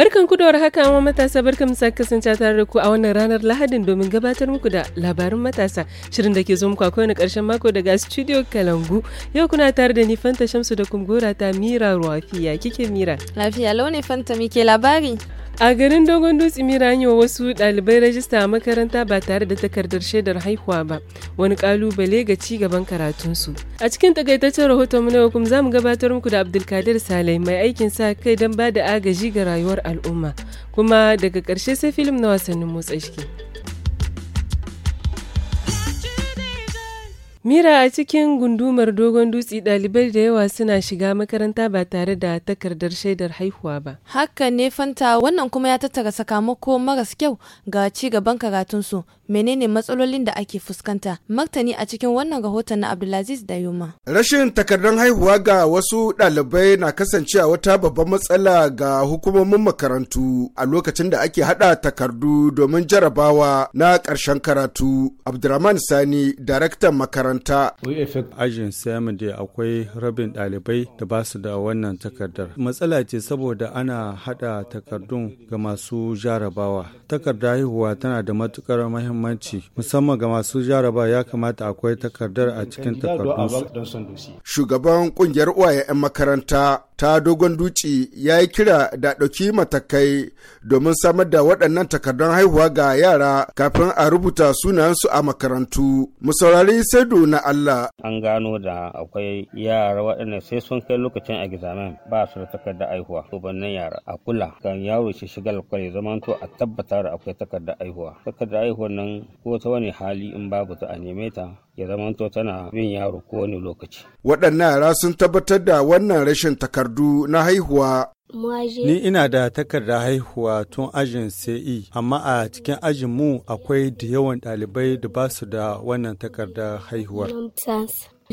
Barkan ku da haka ma matasa barka mu sake kasance tare da ku a wannan ranar Lahadin domin gabatar muku da labarin matasa shirin da ke zo muku a kowane karshen mako daga studio Kalangu. Yau kuna tare da ni Fanta Shamsu da Kumgora ta Mira ruwafiya kike Mira. Lafiya launi Fanta mike labari? A garin Dogon Dutse Mira wasu ɗalibai rajista a makaranta ba tare da takardar shaidar haihuwa ba, wani kalubale ga ci gaban karatunsu. A cikin takaitaccen rahoton mu na hukum za mu gabatar muku da Abdulkadir Salai mai aikin sa kai don ba da agaji ga rayuwar al'umma, kuma daga ƙarshe sai filim na wasannin motsa jiki. Mira a cikin gundumar dogon dutse ɗalibai da yawa suna shiga makaranta ba tare da takardar shaidar haihuwa ba. Haka ne fanta wannan kuma ya tattara sakamako maras kyau ga ci gaban karatunsu menene matsalolin da ake fuskanta. Martani a cikin wannan rahoton na Abdulaziz Dayuma. Rashin takardar haihuwa ga wasu ɗalibai na kasancewa wata babban matsala ga hukumomin makarantu a lokacin da ake haɗa takardu domin jarabawa na ƙarshen karatu. abdulrahman Sani, daraktan makarantu. makaranta. Ajin Samide akwai rabin ɗalibai da ba su da wannan takardar. Matsala ce saboda ana hada takardun ga masu jarabawa. Takardar haihuwa tana da matukar mahimmanci musamman ga masu jarabawa ya kamata akwai takardar a cikin takardunsu. Shugaban ƙungiyar uwaye 'yan makaranta ta dogon duci ya yi kira da ɗauki matakai domin samar da waɗannan takardun haihuwa ga yara kafin a rubuta sunayensu a makarantu. musaurari sai na Allah. An gano da akwai yara waɗanda sai sun kai lokacin examen ba su da takardar haihuwa. Tubannin yara a kula kan yaro shi shiga alkwari zaman to a tabbatar akwai takardar haihuwa. Takardar haihuwa nan ko ta wani hali in babu ta a neme ta ya zamanto tana bin yaro kowane lokaci. Waɗannan yara sun tabbatar da wannan rashin takardu na haihuwa Ni ina da takarda haihuwa tun ajin CE, amma a cikin ajin mu akwai da yawan ɗalibai da ba su da wannan takardar haihuwar.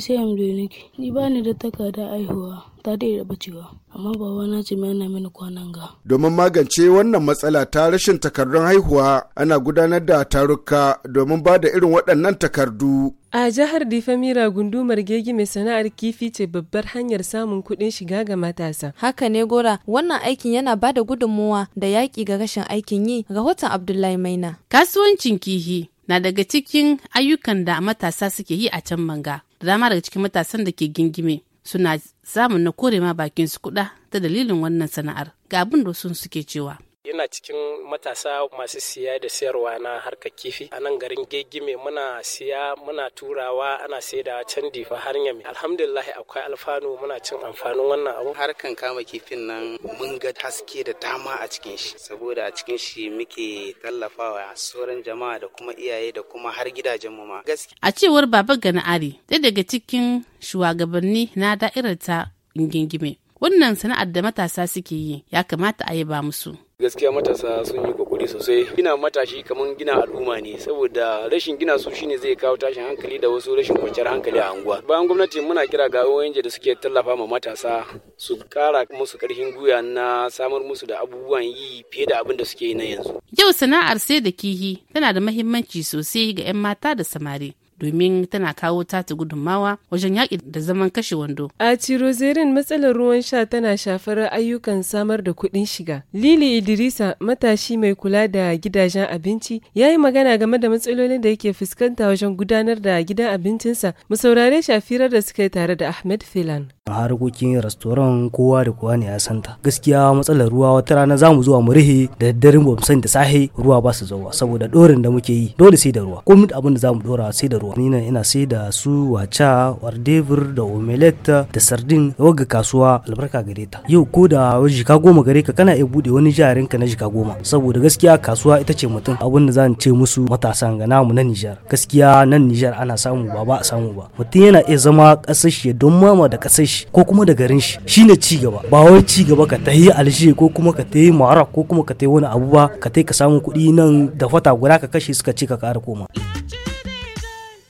sai da nake. Ni ba ni da takarda aihuwa ta da bacewa, amma baba na ce yana mini kwanan ga. Domin magance wannan matsala ta rashin takardun haihuwa ana gudanar da taruka domin ba da irin waɗannan takardu. A jihar Difamira gundumar gegi mai sana'ar kifi ce babbar hanyar samun kuɗin shiga ga matasa. Haka ne gora wannan aikin yana ba da gudunmuwa da yaƙi ga rashin aikin yi rahoton Abdullahi Maina. Kasuwancin kihi na daga cikin ayyukan da matasa suke yi a can manga da dama daga cikin matasan da ke gingime suna samun na kore ma bakin su kuɗa ta dalilin wannan sana'ar ga abin da sun suke cewa yana cikin matasa masu siya da sayarwa na harkar kifi a nan garin gegime muna siya muna turawa ana da can difa har yami alhamdulillah akwai alfanu muna cin amfanin wannan abu harkan kama kifin nan mun ga haske da dama a cikin shi saboda a cikin shi muke tallafawa sauran jama'a da kuma iyaye da kuma har gidajen mu ma a cewar baba ari ɗaya daga cikin shugabanni na da'irar ta gingime wannan sana'ar da matasa suke yi ya kamata a yi yaba musu gaskiya matasa sun yi kokari sosai gina matashi kamar gina al'umma ne saboda rashin gina su shine zai kawo tashin hankali da wasu rashin kwanciyar hankali a anguwa bayan gwamnati muna kira ga ONG da suke tallafa ma matasa su kara musu karfin guya na samar musu da abubuwan yi fiye da abin da suke yi na yanzu yau sana'ar sai da kihi tana da mahimmanci sosai ga 'yan mata da samari domin tana kawo tata gudunmawa wajen yaƙi da zaman kashe wando. A Tirozerin matsalar ruwan sha tana shafar ayyukan samar da kuɗin shiga. Lili Idrisa matashi mai kula da gidajen abinci ya yi magana game da matsalolin da yake fuskanta wajen gudanar da gidan abincinsa mu saurare shafirar da suka yi tare da Ahmed Filan. harkokin restoran kowa da kowa ne ya santa gaskiya matsalar ruwa wata rana za mu zuwa mu rihe da daddare mu san da sahe ruwa ba su zauwa saboda dorin da muke yi dole sai da ruwa ko mun abin da za mu dora sai da ruwa ni nan ina sai da su wacha wardevir da omelette da sardin waga kasuwa albarka gare ta yau ko da jika goma gare ka kana iya bude wani ka na jika goma saboda gaskiya kasuwa ita ce mutum abin da zan ce musu matasan ga namu na Nijar gaskiya nan Nijar ana samu ba ba a samu ba mutum yana iya zama kasashe don mama da kasashe shi ko kuma da garin shi shine ci gaba ba wai ci gaba ka tahi alshe ko kuma ka tahi mara ko kuma ka tahi wani abu ba ka tahi ka samu kuɗi nan da fata guda ka kashe suka ci ka ƙara koma.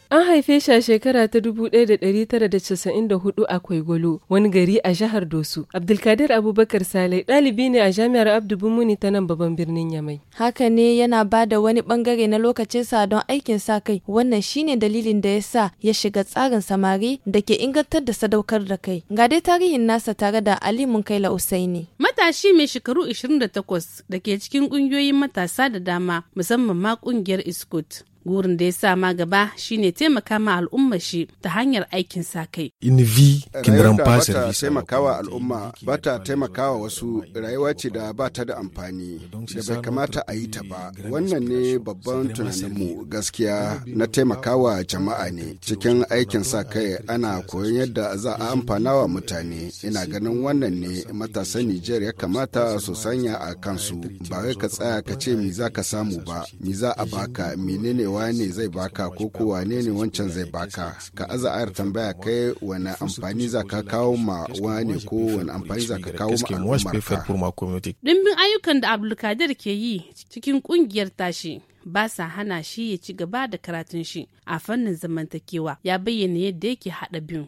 An haife shi a shekara ta 1994 a Kwaigolo, wani gari a jihar Dosu. Abdulkadir Abubakar Saleh ɗalibi ne a Jami'ar Abdu Bumuni ta nan babban birnin Yamai. Haka ne yana ba da wani bangare na lokacinsa don aikin sa kai. Wannan shine dalilin da ya sa ya shiga tsarin samari da ke ingantar da sadaukar da kai. Ga dai tarihin nasa tare da Ali Munkaila Usaini. Matashi mai shekaru 28 da ke cikin ƙungiyoyin matasa da dama musamman ma ƙungiyar Iskut. gurin da ya sa ma gaba shine taimaka ma al'umma shi ta hanyar aikin sa kai. vi kinran bata taimakawa al'umma ba ta taimakawa wasu rayuwa ce da ba ta da amfani da bai kamata a yi ta ba wannan ne babban tunaninmu gaskiya na taimakawa jama'a ne cikin aikin sa kai ana koyon yadda za a amfana wa mutane ina ganin wannan ne matasan Nijar ya kamata su sanya a kansu ba wai ka tsaya ka ce me za ka samu ba me za a baka menene cewa ne zai baka ko ko wane ne wancan zai baka ka aza ayar tambaya kai wani amfani za ka kawo ma wane ko wani amfani za ka kawo ma al'ummarka. Dimbin ayyukan da Abdulkadir ke yi cikin kungiyar tashi ba sa hana shi ya ci gaba da karatun shi a fannin zamantakewa ya bayyana yadda yake haɗa biyun.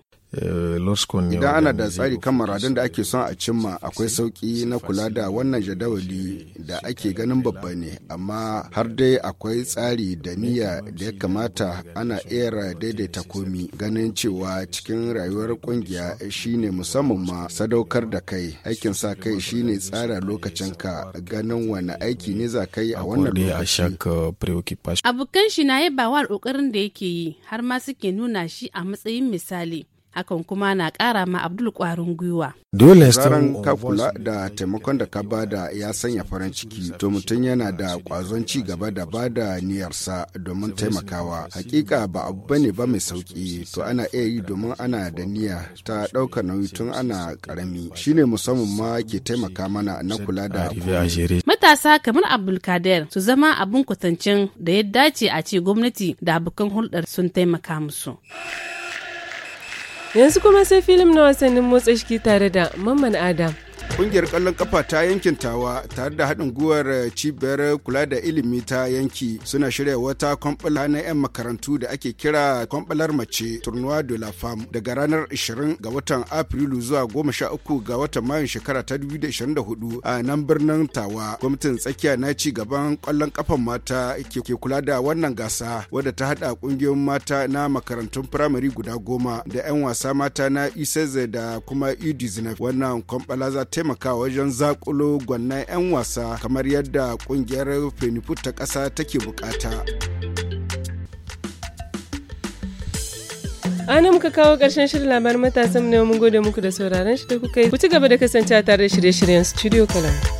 Idan ana da tsari kan maradun da ake son a cimma akwai sauƙi na kula da wannan jadawali da ake ganin babba ne, amma har dai akwai tsari da niyya da ya kamata ana iya daidaita komi ganin cewa cikin rayuwar ƙungiya shine musamman ma sadaukar da kai, aikin sa kai shine tsara lokacin ka ganin wani aiki ne za ka yi a wannan lokaci. preoccupation. Abokan shi na yaba wa ƙoƙarin da yake yi har ma suke nuna shi a matsayin misali. hakan kuma na ƙara ma abdul kwarin gwiwa dole tsaron ka kula da taimakon da ka bada ya sanya farin ciki to mutum yana da kwazon ci gaba da bada niyyarsa domin taimakawa hakika ba abu bane ba mai sauki to ana iya yi domin ana da niyya ta ɗaukar nauyi tun ana karami shine musamman ma ke taimaka mana na kula da matasa kamar abdulkader su zama abun kwatancin da ya dace a ce gwamnati da abokan hulɗar sun taimaka musu. Yanzu kuma sai filim na wasannin motsa jiki tare da Mamman Adam. Kungiyar kwallon kafa ta yankin tawa tare da haɗin gwiwar eh, cibiyar kula da ilimi ta yanki suna shirya wata kwamfala na 'yan makarantu da ake kira kwamfalar mace turnuwa de la fam daga ranar 20 ga watan Afrilu zuwa 13 ga watan Mayun shekara ta 2024 a nan birnin tawa. Gwamnatin tsakiya na ci gaban ƙwallon kafan mata ke kula da wannan gasa wadda ta haɗa kungiyoyin mata na makarantun firamare guda goma da 'yan wasa mata na Iseze da kuma u e wannan kwamfala za ta taimaka wajen zakulo gwanna 'yan wasa kamar yadda kungiyar fenifut ta ƙasa take bukata. ana muka kawo ƙarshen shirin labarin matasan ne mun gode muku da sauraron shi da kuka yi ku ci gaba da kasancewa tare da shirye-shiryen studio kala.